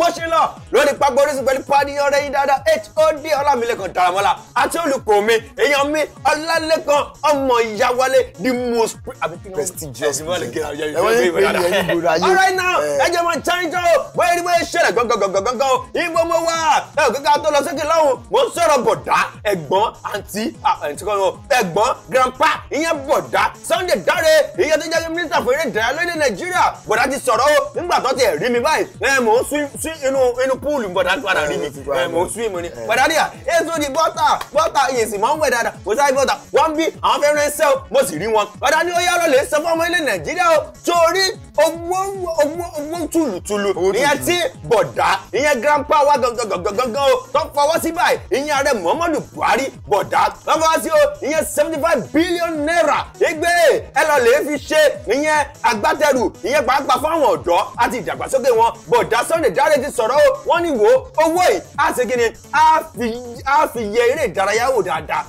bó ṣe lọ lórí pápá Orísun pẹ̀lú pàdé ọ̀rẹ́ yìí dáadáa eight od ọlámilẹ́kan tàràmọ́lá àti olùkọ́ mi èèyàn mi ọlálẹ́kan ọmọ ìyáwálé the most prestigious alright now ẹ jẹ́ mọ chanjọ́ o bóyá ní bóyá ṣẹlẹ̀ gangan o ibo mo wà ẹ ò kíkà tó lọ sókè lọ́hùn mo ń sọ̀rọ̀ bọ̀dá ẹ̀gbọ́n àǹtí ẹ̀gbọ́n grandpa ìyẹn bọ̀dá Sunday Dare ìyẹn tó jẹ́ mínísítà fún eré ìdárayá lórílẹ̀ Nàìjíríà bọ̀dá ti sọ̀rọ̀ o nígbà tó ti rí mi báyìí mò ń sún sí inú inú púùlù bọ̀dá padà rí mi mo sún èmi ni bọ̀dá díà èso di bọ́tà bọ́tà iye sì máa ń wẹ̀ dáadáa kò sáré bọ́tà wọ́n bí àwọn fẹ́ ránṣẹ́ o mo sì rí wọn bọ́dá ní ó yára lè sọ fún ọmọ ilẹ̀ nàìjíríà o torí owó owó owó tùlùtùlù ìyẹn tí bọ̀dá ìyẹn grandpa wa gangan o tó fọwọ́ sí báyìí ìyẹn ààrẹ muhammadu buhari bọ̀dá wọ́n fọwọ́ sí o ìyẹn seventy five billion naira igbe ẹ lọ lè fi ṣe ìyẹn agbátẹrù ìyẹn pàápàá fáwọn ọ̀dọ́ àti ìdàgbàsókè wọn bọ̀dá sunday dáre ti sọ̀rọ̀ o wọ́n ní wo owó yìí á ṣe kí ni á fi yẹ eré ìdárayá wò dáadáa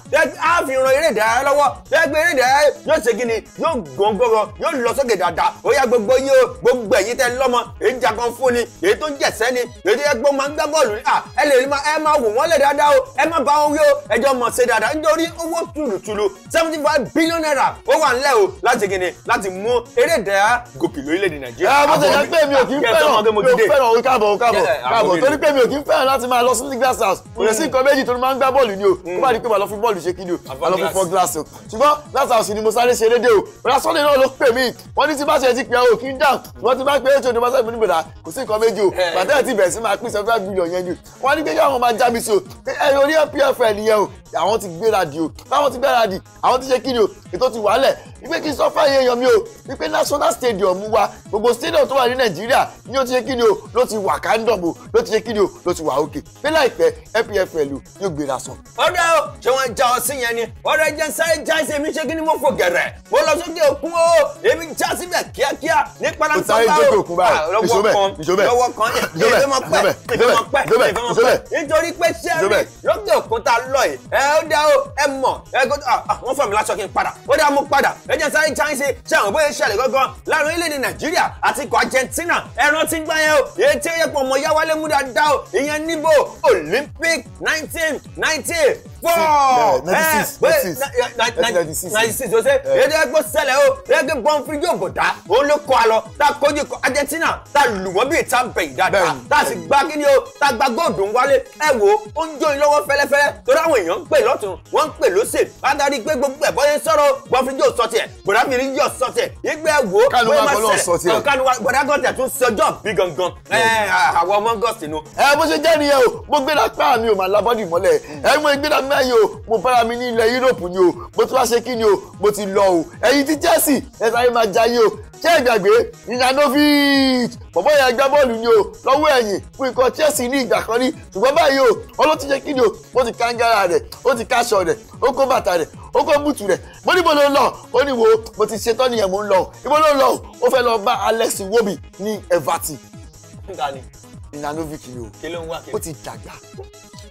á fi ran eré ìdárayá lọ́wọ́ lẹ́gbẹ́ eré ìdárayá yóò ṣe kí ni yóò gbọ̀ngbọ̀rọ̀ yóò lọ sókè dáadáa ó yá gbogbo yìí o gbogbo ẹ̀yin tẹ́ lọ́mọ èyí jagan fún ni èyí tó jẹ̀sẹ́ ni èyí tó yẹ gbọ́ máa ń gbá bọ́ọ̀lù ni ẹ lè máa ẹ máa wò wọ́n lẹ̀ dáadáa o ẹ má bá wọn wí o ẹ jọ mọ̀ ṣe dáadáa nítorí owó tùlùtùlù seventy five billion naira ó wà ńlẹ̀ o láti kí ni láti mú eré ìdárayá gòkè lórílẹ̀‐èdè Nàìjíríà. ẹ bó ṣe jẹ́ pé mi ò kí ń fẹ́ràn mi ò fẹ́ràn orí káàbọ̀ káàbọ̀ káàbọ̀ káàbọ̀ torí pé mi ò kí ń fẹ́ràn láti máa lọ sí glass house kò lè sí nǹkan méjì tó máa ń gbá bọ́ọ̀lù ni o kó bá di pé màá lọ fi bọ́ọ̀lù ṣe kíni o màá lọ fi fọ́ glass o ṣùgbọ́n glass house ni mo sáré ṣe dédé o bọ́lá sọ́lé náà ló pè mí wọ́n ní tí bá ṣe ti pè ọ́ kí ń dáhùn wọ́n ti bá pé ètò ìdìbò sẹ́yìn nígbàdà kò sí nǹkan méjì o bàtẹ́ ti bẹ̀rẹ̀ sí máa pín seven billion yẹn ni wọ́n ní kékeré àwọn máa já mi so ẹ̀rọ orí pfn yẹn o àwọn ti gbéradì o báwọn ti gbéradì àwọn ti ṣe kíni o ètò ti wàálẹ̀ wípé kí n sọ fáyé èèyàn mi o wípé national stadium wa gbogbo stadium tó wà ní nàìjíríà ni ó ti ṣe kíni o ló ti wà àkàndọ̀bò ló ti ṣe kí ni o ló ti wà òkè pé láìpẹ́ epfl yóò gbéra sàn. ọ̀rẹ́ o ṣé wọ́n já ọ sí yẹn ni ọ̀rẹ́ jẹ́ sáré já ẹsẹ̀ ṣe kí ni mo fò gẹ̀rẹ̀ mo lọ sókè òkun o èmi já síbẹ̀ kíákíá ní paransa bá o ah, lọ́wọ́ kan òkun ta lọ yìí ẹ ó dá o ẹ mọ̀ ẹ gbọ́dọ̀ ah, wọ́n fọ̀ mí láṣọ kí n padà ó dá mo padà ẹ jẹ́ sáré já ẹsẹ̀ ṣé àwọn bóyá ṣẹlẹ̀ gángan láàrin orílẹ̀-èdè Nàìjíríà àti ikọ̀ Argentina pọ̀ mọ́ Yáwálé mú dáadáa o ìyẹn níbo Olympic nineteen nineteen wọ́ọ̀ ẹ wẹ́ ninety six o ṣe ẹ̀ẹ́dẹ́ gbọ́ sẹ́lẹ̀ o ẹ̀ẹ́dẹ́ gbọ́n fi yóò bò dá òun ló kọ́ àlọ́ tá a kojú kọ́ Argentina tá a lù wọ́n bí ìta bẹ̀yìn dáadáa tá a sì gbá kíni o tá a gba góòdù wálé ẹ wo ó ń jó yín lọ́wọ́ fẹ́lẹ́fẹ́lẹ́ torí àwọn èèyàn ń pè lọ́tún wọ́n ń pè lóṣè látàrí pé gbogbo ẹ̀bọ́ yẹn sọ̀rọ̀ gbọ́n fi yóò sọ tiẹ̀ bọ̀dá mi yóò sọ tiẹ̀ ìgbẹ́ wo bọ̀dá gọ́ọ̀tẹ̀ tún sọjọ́ bí gangan eh, àwọn ọmọ gọ́ọ̀sì nu. ẹ eh, bó ṣe jẹ́ nìyẹn o mo gbéra pé àmì ò máa labọ́dì mọ́lẹ̀ ẹ mm. eh, mo gbéra mẹ́yìn o mo bára mi ní ilẹ̀ Europe ni o mo tún wá ṣe kí ni o mo ti lọ o ẹ̀yin ti Chelsea ẹ sáré máa jayé o ṣé ìgbàgbé Ivanovic bọ̀bọ̀ yẹn gbá bọ́ọ̀lù ni o lọ́wọ́ ẹ̀yìn fún ikọ̀ Chelsea ní ìgbà kan rí ṣùgbọ́n báyìí o ọlọ́tí ṣe kí ni o ó ti kángára rẹ̀ ó ti káṣọ rẹ̀ ó kó bàtà rẹ̀ ó kó bùtù rẹ̀ mo níbo ló lọ ó ní wo mo ti ṣetán nìyẹn mo ń lọ ibo ló ń lọ ó fẹ́ lọ bá Alex Iwobi ní Everton. Ivanovic ni o ó ti dàgbà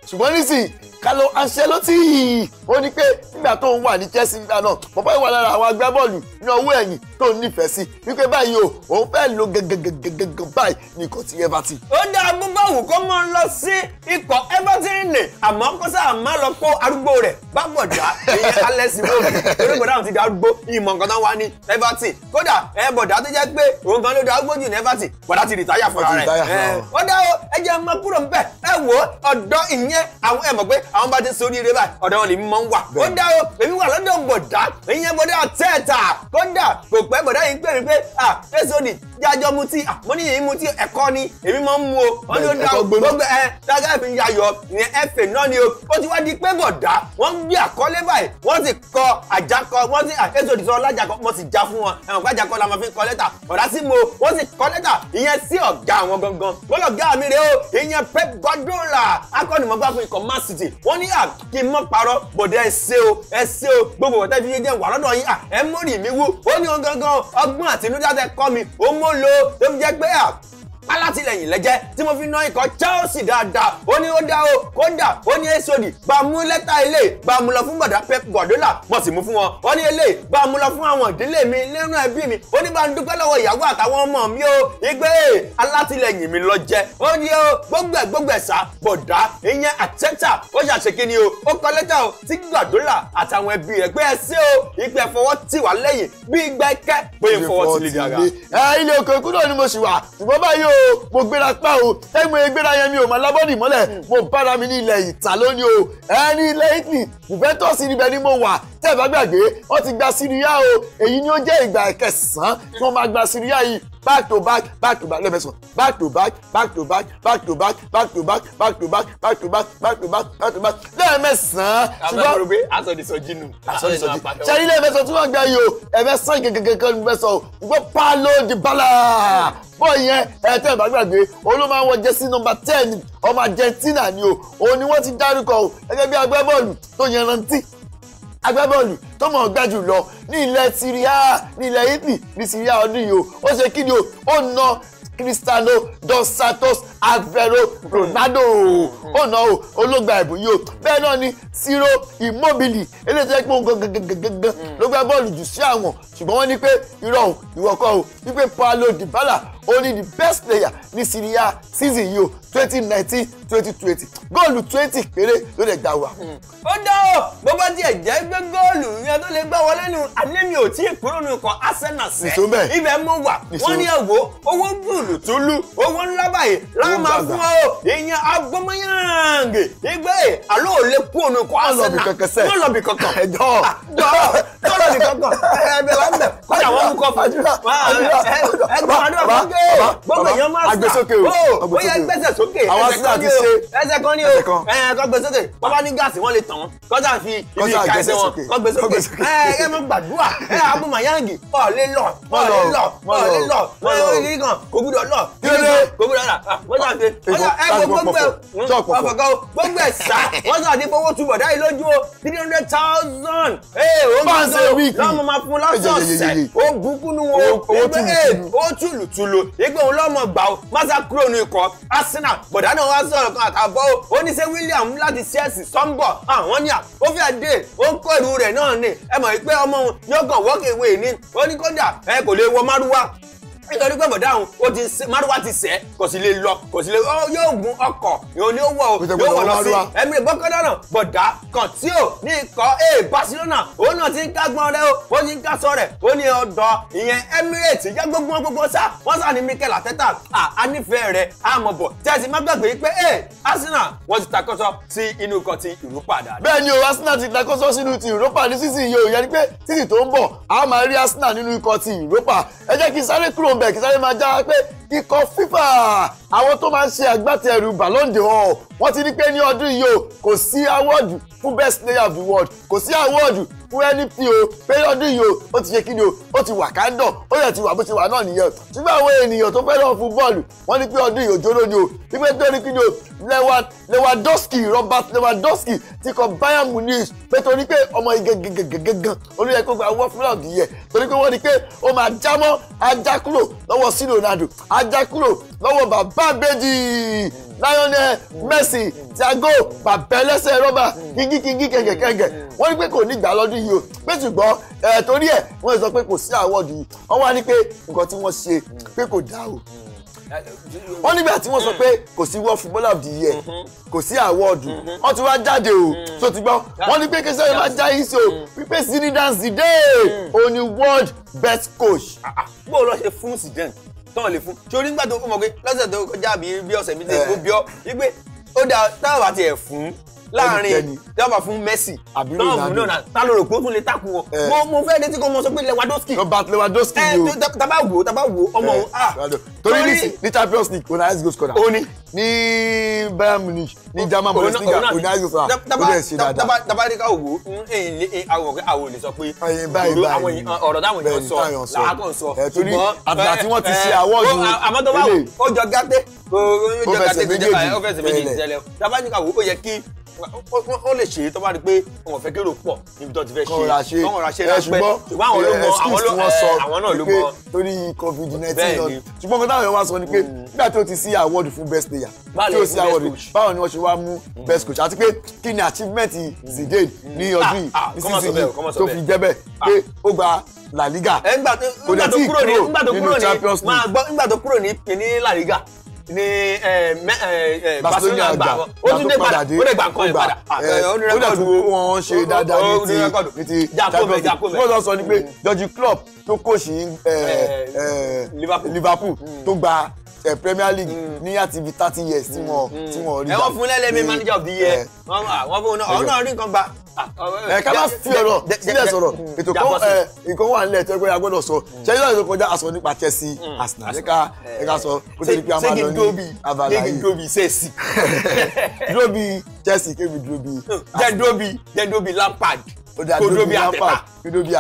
ṣùgbọ́n nísìnyí Carlo Ancelotti yìí ó ní pé nígbà tó ń wà ní Chelsea nígbà náà bọ́bá ìwà lára àwọn agbábọ́ọ̀lù ní ọwọ́ ẹ̀yìn tó ń nífẹ̀ẹ́ sí wípé báyìí o òun fẹ́ lo gẹ́gẹ́gẹ́gẹ́gẹ́ báyìí ní ikọ̀ ti Everton. ó dáa gbogbo òwò kó mọ lọ sí ikọ̀ Everton lè àmọ́ kó sáà má lọ kó arúgbó rẹ̀ bá bọ̀dá ìyẹn Alex Iwobi onígbọ̀dá àwọn ti di arúgbó ìmọ̀ nǹkan tán wá ní Everton kódà ẹ bọ̀dá tó jẹ́ pé òun kan ló di arúgbó jù ní Everton bọ̀dá ti rìtáyà fúnra rẹ̀ ó dáa ẹ jẹ́ ọmọ kúrò ń bẹ̀ ẹ wò ó ọ̀dọ́ ìyẹn àwọn ẹ mọ̀ pé àwọn bá ti sórí eré báyìí ọ̀dọ́ wọn lè mọ ń wà. ó dá o èmi wà lọ́dọ̀ bọ̀dá ìyẹn bọ̀dá tẹ́ẹ̀ta kódà kò pẹ́ bọ̀dá yìí ń pè mí pé ah èso ni jájọ́ mu tí mo ní yìí mu tí ẹ̀kọ́ ni èmi máa ń mu o wọ́n ló dá gbogbo ẹ dáadáa fi yayọ̀ ìyẹn ẹ̀fẹ̀ náà ni o ó ti wá di pé bọ̀dá wọ́n gbé àkọlé báyìí wọ́n dọ́là akọ́nìmọ̀gbà fún ikọ̀ man city wọ́n ní à kí n mọ̀ parọ́ bọ̀dẹ̀ ẹ ṣe o ẹ ṣe o gbogbo ọ̀tẹ́ fi jẹ́ wà lọ́dọ̀ yín à ẹ mọ̀rì mi wú ó ní ohun gangan ọgbọ́n àtinúdá tẹ kọ́ mi ó mọ̀ lo tó fi jẹ́ pé à alátìlẹyìn lẹ́jẹ́ tí mo fi ná ikọ̀ Chelsea dáadáa ó ní ó dá o kódà ó ní èsòdì bá mú lẹ́tà ilé bá mú lọ fún bọ̀dá Pep Guardiola mo sì mú fún wọn ó ní ilé bá mú lọ fún àwọn ìdílé mi nínú ẹbí mi ó ní bá ń dúpẹ́ lọ́wọ́ ìyàwó àtàwọn ọmọ mi o igbe alátìlẹyìn mi lọ jẹ ó ní o gbógbẹ gbógbẹ sá bọ̀dá ìyẹn àtẹ́tà ó ṣàṣe kí ni o ó kọ lẹ́tà o sí Guardiola àtàwọn ẹbí rẹ̀ pé ẹ sí o ìgbẹ́ fọwọ́ tì wá lẹ́yìn bí ìgbẹ́ kẹ́ pé fọwọ́ tì lè dàgà. ilé òkè kúrò ni mo sì wà ṣùgbọ́n báyìí o mo gbéra pa o ẹgbẹ́ mo gbéra yẹn mi ò máa lábọ́dì mọ́lẹ̀ mo bára mi ní ilẹ̀ ìta lónìí o ẹni ilẹ̀ Italy Juventus níbẹ̀ ni mo wà tẹ́ẹ̀ bá gbàgbé wọ́n ti gba Serie o èyí ni ó jẹ́ ìgbà kẹsàn-án tí wọ́n máa gba Serie yìí back to back back to back lẹ́ẹ̀mẹ́sàn back to back back to back back to back back to back back to back back to back back to back back to back lẹ́ẹ̀mẹ́sàn. àbẹ̀wò rẹ̀ pé asọ̀dìsọ̀jì nù. asọ̀dìsọ̀jì sẹ́yìn lẹ́ẹ̀mẹ́sàn tí wọ́n gbẹ yìí o ẹ̀mẹ́sàn gẹ́gẹ́gẹ́gẹ́ ni mẹ́sàn o gbọ́ palo di bala bọ́ọ̀ yẹn ẹ̀ tẹ́ ìbágbàgbé olóma wọn jẹ́ sí nọmba ten ọmọ Argentina ni o òun ni wọ́n ti dárúkọ o gẹ́gẹ́ bí agbábọ́ọ̀lù tó yanrantí agbábọ́ọ̀lù tó mọ̀ gbá jù lọ ní ilẹ̀ Syria ní ilẹ̀ Italy ní Syria ọdún yìí o ó ṣe kí ni o ó na Cristiano dos Santos Alvaro Ronaldo ó na o olóògbà ẹ̀bùn yìí o bẹ́ẹ̀ náà ni Ciro Immobile eléyìí tó yẹ pé òun gangan ló gbá bọ́ọ̀lù jù sí àwọn ṣùgbọ́n wọ́n ní pé irọ́ ìwọ̀kọ̀ o wípé Paulo Dybala Only the best player ní Serie A season yìí o twenty nineteen twenty twenty góòlù twenty péré ló lè gbà wá. ó dá o bó bá tiẹ̀ jẹ́ gbé góòlù yẹn tó lè gbá wọlé nu àní mi ò tí ì kúrò nù kan Arsenal sẹ́ ibẹ̀ mo wà wọ́n ní ẹ̀wọ́ owó gbùlù tó lú owó ńlá báyìí láàmà fún ọ ìyẹn agbọ́mọyàǹgì ìgbé àlọ́ ò lè kú ònù kan Arsenal wọ́n kankan ẹ̀dọ́ wọ́n kankan ẹ̀ẹ́dẹ̀ láńbẹ̀ kọ́jà wọ́n mú kọ́ gbogbo èèyàn máa sà ó yẹ gbẹ́sẹ̀ sókè ẹsẹ̀ kan ní o ẹsẹ̀ kan ní o kọ́ gbé sókè bàbá ní gáàsì wọ́n lè tàn kọ́sà fi ibi ìka ẹsẹ̀ wọn kọ́ gbé sókè ẹ ẹ mọ gbàdúrà ẹ abu mayangi ọ̀ lé lọ ọ̀ lé lọ ọ̀ lé lọ ọ̀ lé lọ kò gbúdọ̀ lọ kò gbúdọ̀ là ah, wọ́n sà fi ah, eh, ẹ gbogbo ẹ gbogbo ẹ sà sà fi fowó túbọ̀ dáì lójú o three hundred thousand ẹ ò ń gbàdúrà lọ́mọ máa fún lọ́sọ̀ọ̀sẹ̀ ó bukú nu wọn ó eh, tùlùtùlù o wípé òun lọ́mọ gbà o masa kúrò ní ikọ̀ Arsenal bọ̀dá náà wá sọ̀rọ̀ kan àtàbọ̀ o ó ní ṣe William láti Chelsea sọ́ńbọ̀ àwọn ní à ó fẹ́ dé ó ń kọ́ ìrú rẹ̀ náà ni ẹ mọ̀ wípé ọmọ òun yóò kàn walk away ní ó ní kódà ẹ kò lè wọ márúwá nítorí pé bọ̀dá àwọn ó ti márùwá ti sẹ́ kò sì lè lọ kò sì lè yóò gun ọkọ̀ yóò ní ó wọ̀ ó yóò wọ̀ lọ sí Emre bọ́kọ́dọ̀nà bọ̀dá kan tí ò ní ikọ̀ ee Barcelona òun náà ti ń ká gbọ́n rẹ o ó ti ń ká sọ rẹ̀ ó ní ọ̀dọ̀ ìyẹn Emirates ìjẹ́ gbogbo wọn gbogbo sá wọ́n sá ní Mikel Arteta à á nífẹ̀ẹ́ rẹ̀ á mọ̀ bọ̀ tẹ̀sí má gbàgbé pé Arsenal wọ́n ti takọ́sọ́ sí inú kan ti Europa dáadáa. bẹ́ẹ̀ ni o Arsenal ti takọ́sọ́ sínú ti Europa ní sísìn yìí o ìyẹn pé títì tó ń bọ̀ a máa rí Arsenal nínú ikọ̀ ti Europa ẹ jẹ́ kí sáré kúrò ọbẹ̀ kí sáré máa já pé ikọ̀ fífà àwọn tó máa ń ṣe agbátẹrù Ballon d'Or wọ́n ti ní pé ní ọdún yìí o kò sí awọ́ọ̀dù fún best player of the world kò sí awọ́ọ̀dù wúrẹ́ni tí o péyọ́dún yìí o ó ti ṣe kí ni o ó ti wà kándọ̀ ó yẹ ti wà bó ti wà náà nìyẹn ṣùgbọ́n àwọn ènìyàn tó fẹ́ràn fún bọ́ọ̀lù wọ́n ní pé ọdún yìí òjò lónìí o wípé torí kí ni o Lewandowski Robert Lewandowski ti kọ Bayern Munich pé torí pé ọmọ igegegegege olóyè kó gba owó fúlọ̀dù yẹ torí pé wọ́n ní pé ó máa jámọ́ ajákúrò lọ́wọ́ sí Ronaldo ajákúrò lọ́wọ́ bàbá àbẹ́jì Lionel Messi Thiago bàbá ẹlẹ́sẹ̀ rọ́bà kíkíkíkí kẹ̀kẹ̀kẹ̀kẹ̀ wọ́n ní pé kò ní gbà lọ́dún yìí o pé ṣùgbọ́n ẹ̀ torí ẹ̀ wọ́n sọ pé kò sí àwọ̀dù yìí wọ́n wá ní pé nǹkan tí wọ́n ṣe pé kò dáa o wọ́n nígbà tí wọ́n sọ pé kò sí world footballer of the year kò sí award wọ́n ti wá jáde o tó ti gbọ́ wọ́n ní pé kí sẹ́yìn máa já yìí sí o pípé Zidane Zidane òun ni world best coach. Ah, ah. bó o lọ ṣe fún Zidane tán lè fún sórí nígbà tó fún mọ pé lọ́sẹ̀ tó kọjá bí ọ̀sẹ̀ mi lè kó bíọ́ wípé ó dáa táwọn àti ẹ̀ fún láàrin tí wọ́n bá fún Messi tọ́ọ̀mù náà ta ló rò pé ó tún lè takò wọ. Eh. mo mo fẹ́ létí kó mo sọ pé Lewandowski. Lewandowski yìí eh, o taba wo taba wo ọmọ òun eh, a. Ah, torí ní Champions League ona ice goal scorer. ó ní. ní Bayern Munich ní German Bundesliga ona ice goal scorer ó bẹ̀rẹ̀ sí dáadáa. taba ní ká wò ó àwọn ò lè sọ pé ọ̀rọ̀ táwọn èèyàn sọ làwọn kò sọ. torí àtàtà tí wọ́n ti ṣe àwọ́ọ̀dù ilé. àmọ́ tó bá wò ó jọ gàtẹ́ ó jọ gàtẹ́ ó fẹsẹ̀ méjì tẹ́lẹ̀ taba ní ká wò ó yẹ kí wọ́n lè ṣe é tó bá rí pé wọ́n fẹ́ kérò pọ̀ níbi tó ti fẹ́ ṣe kọ́ńrà ṣe rẹ ṣùgbọ́n àwọn ló mọ àwọn ló mọ àwọn náà ló mọ. torí covid nineteen lọ ṣùgbọ́n nǹkan táwọn èèyàn wá sọ ni pé hmm. nígbà tí o ti sí award fún best player tí o sí award báwo ni wọ́n ṣe wá mú hmm. best coach àti pé kí ni achievement hmm. Zidane ní ọdún yìí ah, ah, nísinsìnyí tó fi jẹ́ bẹ́ẹ̀ ah. pé ó gba La Liga kò dẹ̀ tí ì kúrò nínú Champions League. nígbà tó kúrò ní La Liga ni Barcelona gbà ó tún dé padà ó dé gbà nǹkan yẹn padà ó ní rẹ́kọ̀dù wọn ṣe dáadáa ní ti Jacobin wọ́n lọ sọ ni pé George Klopp tó kòṣì Liverpool tó gba ẹ Premier League ní àti bíi thirty years tí wọn rí. ẹ wọ́n fún lẹ́lẹ́mí manager of the year wọ́n fún un náà ọ̀hún náà rí nǹkan gbà ẹ eh, ká má fi ọ̀rọ̀ sílẹ̀ sọ̀rọ̀ ètò kan nǹkan wà nílẹ̀ tó yẹ kó gbọ́dọ̀ sọ ṣẹ́yìn náà ló kọjá aṣọ nípa Chelsea hmm. Arsenal ẹ ká ẹ ká sọ kó tó di pé a máa lọ ní abala yìí ṣégi dóbi sẹ́ẹ̀sì dóbi Chelsea kébi dóbi. Hmm. jẹ́ dóbi jẹ́ dóbi Lampard kó dóbi Àtẹ̀pà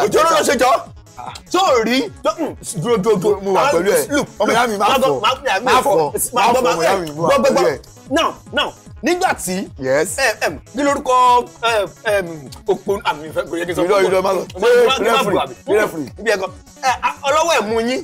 òjò ló lọ ṣe jọ ah. tó rí hmm, dúró dúró dúró mo wà ah, pẹ̀lú ẹ̀ ọmọ yá mi máa fọ máa fọ nígbà tí bí lórúkọ òpó àmì ìfẹ́ kò yẹ kí n sọ fún mi. ìlọ máa lọ bí rẹfúrì bí ẹkọ ọlọ́wọ́ ẹ̀ mú yín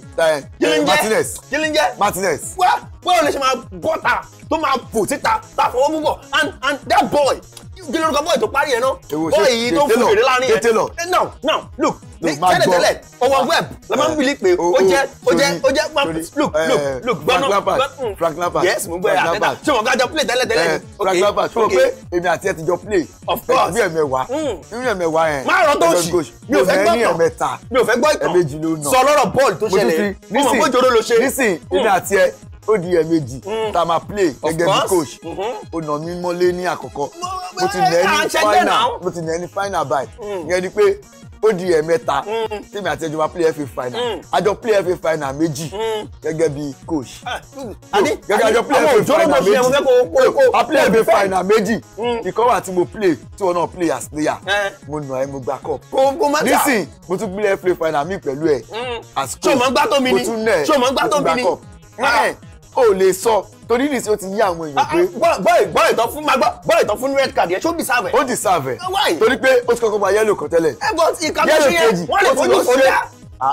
jílíńjẹ́ jílíńjẹ́ Martinez wá wọ́n lè ṣe máa bọ́ta tó máa bò síta tá a fọwọ́ mú bọ̀ and and that boy kí lórúkọ bọ́ọ̀ tó parí ẹ̀ náà bọ́ọ̀ yìí tó ń fún fèrè láàrin ẹ̀ eh, now now look tẹ́lẹ̀ tẹ́lẹ̀ web la máa ń eh, bìlí pé ó jẹ́ ó jẹ́ ó jẹ́ eh, look look look gbọ́nà hmm. Frank Lampard yes mo gbé àtẹ́tà ṣé wọn kájọ play tẹ́lẹ̀ tẹ́lẹ̀ ni Frank Lampard ṣé wọn pé èmi àti ẹ ti jọ play of course bí ẹ̀mẹ̀wá irú ẹ̀mẹ̀wá hmm. yẹn má rọ tó ṣì mi ò fẹ́ gbọ́ ìtàn mi ò fẹ́ gbọ́ ìtàn sọ lọ́rọ̀ bọ́ọ̀lù tó ṣẹlẹ̀ mo mọ̀ pé jòrò ló ṣe nísìn èmi hmm. àti ẹ ó di ẹ̀mejì tá a máa play gẹ́gẹ́ bí coach mm-hmm. ó nà mí mọ́lé ní àkọ́kọ́ mo ti nẹ ní final mo ti nẹ ní final báyìí hmm. ìyẹn ni pé ó di ẹ̀mẹ́ta hmm. tèmi àti ẹjọba play fa final àjọ hmm. play fa final méjì gẹ́gẹ́ bí coach ah, gẹ́gẹ́ àjọ play fa final méjì a play fa final méjì ìkọ́wé àti mo play tí wọn náà play as player eh. mo nà ẹ́ mo gba cup nísìn mo tún play fa final mi pẹ̀lú ẹ̀ as coach mo tún nẹ̀ mo tún gba cup. Eh. Ah o lè sọ torí nìsí o ti yí àwọn èèyàn pé. Ah, ah, bọ́ọ̀ bọ́ọ̀ ìtọ́ fún magbọ́ bọ́ọ̀ ìtọ́ fún red card yẹn ṣó deserve ẹ̀. ó deserve ẹ̀ torí pé ó ti kọ́kọ́ gba yẹ́lò kan tẹ́lẹ̀. ẹ bọ ìkàwé ṣe yẹn wọ́n lè fojú fò dá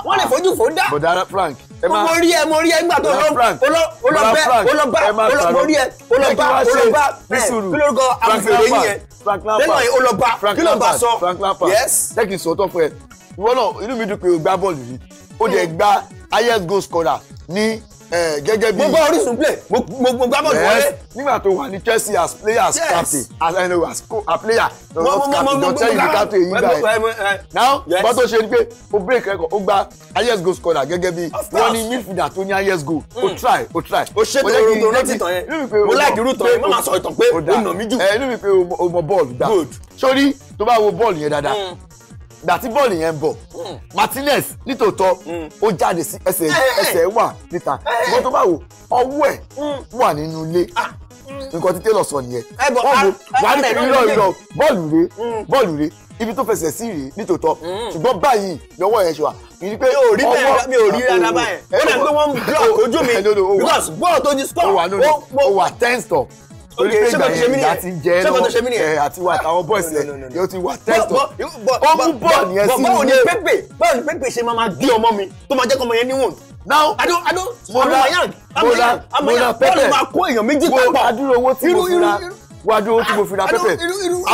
wọ́n lè fojú fò dá. bọ̀dá Frank ẹ máa mo rí ẹ mo rí ẹ nígbà tó lọ olọbẹ olọba mo rí ẹ olọba olọba ẹ kí lórúkọ amúfèrè yẹn lẹ́nu ẹ olọba kí lọba sọ yes. jẹ́ kí n sọ ọtọ́ fún ẹ ìwọ náà inú mi dùn pé o gbá bọ́ọ̀lù yìí o jẹ gba highest goal scorer ní Eh, gẹ́gẹ́ bí. gbogbo orísun play gbogbo gbábọ́ọ̀lù wọlé. nígbà tó wà ní Chelsea as player as captain as ẹni eh, as player not captain don tell you the captain yìí gbà ẹ. Eh, now bọ́ tó ṣe ni pé o break record o gba highest goal scorer gẹ́gẹ́ bí wọ́n ní midfielder tó ní highest goal o hmm. try o try. o ṣe tó ronú rántí tán yẹn mo láì dirú tán yẹn mo máa sọ ìtàn pé o nà mí jù. ẹ ní mi pé o mọ bọ́ọ̀lù gbà sórí tó bá wo bọ́ọ̀lù yẹn dáadáa hmm gbà tí bọ́ọ̀lù yẹn bọ̀ Martinez nítòótọ́ ó jáde sí ẹsẹ̀ ẹsẹ̀ wà níta ṣùgbọ́n tó bá wò ọwọ́ ẹ̀ wà nínú ilé nǹkan tí Taylor sọ nìyẹn bọ́ọ̀lù wà ní ìrọ̀ ìrọ̀ bọ́ọ̀lù rè bọ́ọ̀lù rè ibi tó fẹsẹ̀ sí rèé nítòótọ́ ṣùgbọ́n báyìí lọ́wọ́ yẹn ṣe wà ìdí pé ọwọ́ mi ò rí rárá báyẹn ó dà pé wọ́n ń block ojú mi because bọ́ọ̀lù tó di score ó wà tensed up torí ìgbà yẹn ìyá ti jẹ ẹ lọ àti wà táwọn boys yẹn yóò ti wà tẹsítọ ó mú bọ́ọ̀lù yẹn sí i. báwo ni pépè báwo ni pépè ṣe máa gé ọmọ mi tó máa jẹ́ kọ́mọ yẹn níwọ̀n now i don't i don't i'm a young bọ́ọ̀lù máa kó èèyàn méjì papọ̀ irú irú irú wájú tí mo fi ra pẹ́pẹ́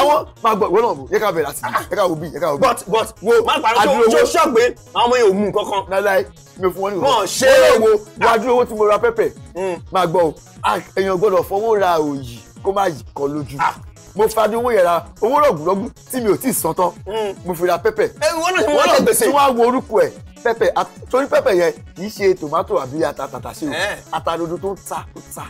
àwọn máa gbọ́ ìwé náà bò yẹ ká láti yẹ ká òbí yẹ ká but but wo àdúró owó ṣọ́gbé àwọn ọmọ yẹn ò mú kankan. láláì mi fún wọn ní ìwọ ṣé owó wájú owó tí mo ra pẹ́pẹ́ hmm. máa gbọ́ o ah, èèyàn gbọ́dọ̀ fọwọ́ ra òyì kó má yìí kọ lójú ah. mo fàdí owó yẹn ra owó rọ̀gùrọ̀gù tí mi ò tí ì san tán hmm. mo fi ra pẹ́pẹ́ eh, wọ́n náà ti wá wo orúkọ ẹ̀ pẹ́pẹ́ torí pẹ́pẹ́ yẹn kì í ṣe tòmátò àbí ata tàtà ṣe o eh. ata dodo tó ń ta ó ta.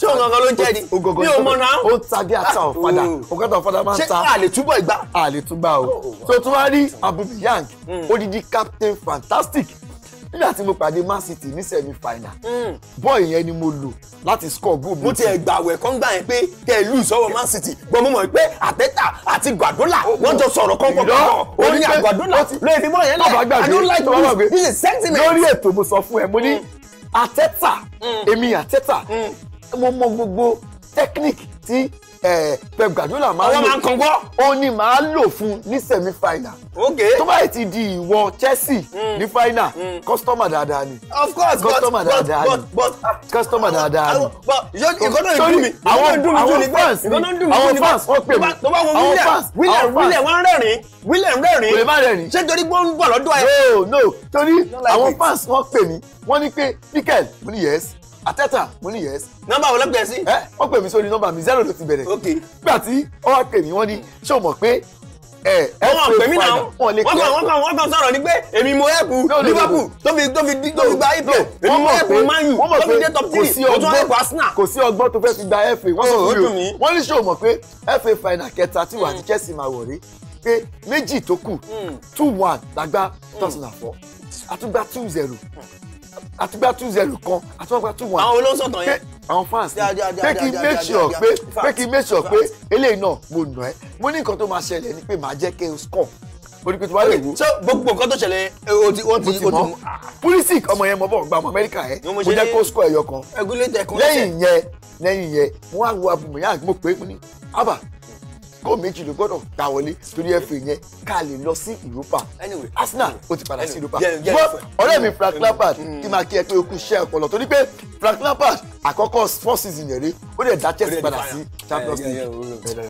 ṣé ògògò ló ń jẹ́ ni mi ò mọ̀ náà. ó ń ta bí ata ah, ọ̀fadà oh. ọ̀kadà ọ̀fadà máa ń ta. ṣé àlè túbọ̀ ìgbà. àlè túbọ̀ o tó tún wá rí Abubu Yang hmm. odidi Captain Fantastic nígbà tí mo pàdé Man City ní semi final hmm. bọ́ọ̀ yẹn ni mo lò láti score goal. mo ti ẹ̀ gbàwẹ̀ kan gbà yẹn pé kẹ́ ẹ lù sọ́wọ́ Man City gbọ́n mo mọ̀ pé Arteta àti Guardiola wọ́n jọ sọ̀rọ̀ kan pọ̀ pọ̀ o ní Guardiola lóye fi bọ́ọ̀ yẹn lẹ̀ I don't like this this is sentiment. lórí ètò mo sọ fún ẹ mo ní hmm. Arteta hmm. èmi Arteta mo mọ gbogbo technique tí Pep Guardiola máa ń lò fún ó ní máa lò fún ní semi final. tó bá yìí ti di ìwọ Chelsea mm. ní final mm. customer dáadáa ni. of course ah. customer dáadáa ni customer dáadáa ni. ìkọ́nà ìdùn mi àwọn fans àwọn fans wọ́n pè mí àwọn fans William William wọ́n rẹ́rìn William rẹ́rìn kò lè má rẹ́rìn ṣé torí gbọ́n ń bọ̀ lọ́dọ̀ ẹ̀. no no torí àwọn fans wọ́n pè mí wọ́n ní pé pikel mo ní yes Ateta mo ní yes. nọ́mbà wo ló pè sí. ẹ wọ́n pè mí sórí nọ́mbà mi zero ló ti bẹ̀rẹ̀. ok nígbà tí wọ́n pè mí wọ́n ní ṣé o mọ̀ pé ẹ ẹ wọn pè mí náà wọn kàn wọn kàn wọn kàn sọ̀rọ̀ ni pé èmi mo ẹ̀kú Liverpool tó fi tó fi tó fi gba ife èmi mo ẹ̀kú Man U tó fi dé top three o tún ẹ̀kú Arsenal. kò sí ọgbọ́n tó fẹ́ fi gba FA wọ́n sọ oh, fún mi o wọ́n ní ṣòwò mọ̀ pé FA final kẹta tí wà ní hmm. Chelsea máa wọ̀ rí pé méjì tó kù hmm. two one lágbá two hmm. thousand and four àtúgbà two zero àti gba two zero kan àti wọ́n gba two one. àwọn olóńsọ̀tàn yẹn. àwọn fans pé kí n make sure pé pé kí n make sure pé eléyìí náà mo nà ẹ́ mo ní nǹkan tó máa ṣẹlẹ̀ ni pé màá jẹ́ kí n score onípe tí wàá lè wo. ṣé gbogbo nǹkan tó ṣẹlẹ̀ eh, o ti wọ́n ti o ti mọ̀. Pulisic ọmọ yẹn mọ̀ bọ̀ gba ọmọ Amẹ́ríkà yẹn mo jẹ́ kó score ẹyọ kan lẹ́yìn yẹn lẹ́yìn yẹn mo wá wo abùmọ̀ yá mo pé mo ní abba góò méjì ló gbọ́dọ̀ gbà wọlé torí ẹ fè yẹn ká lè lọ sí Europa anyway Arsenal ó ti padà sí Europa bọ́ ọ̀rẹ́ mi Frank mm. Lampard mm. kí máa kí ẹ pé o kú iṣẹ́ ọpọlọ torí pé Frank Lampard àkọ́kọ́ sports season yẹn rí ó lè dá Chelsea padà sí Champions League.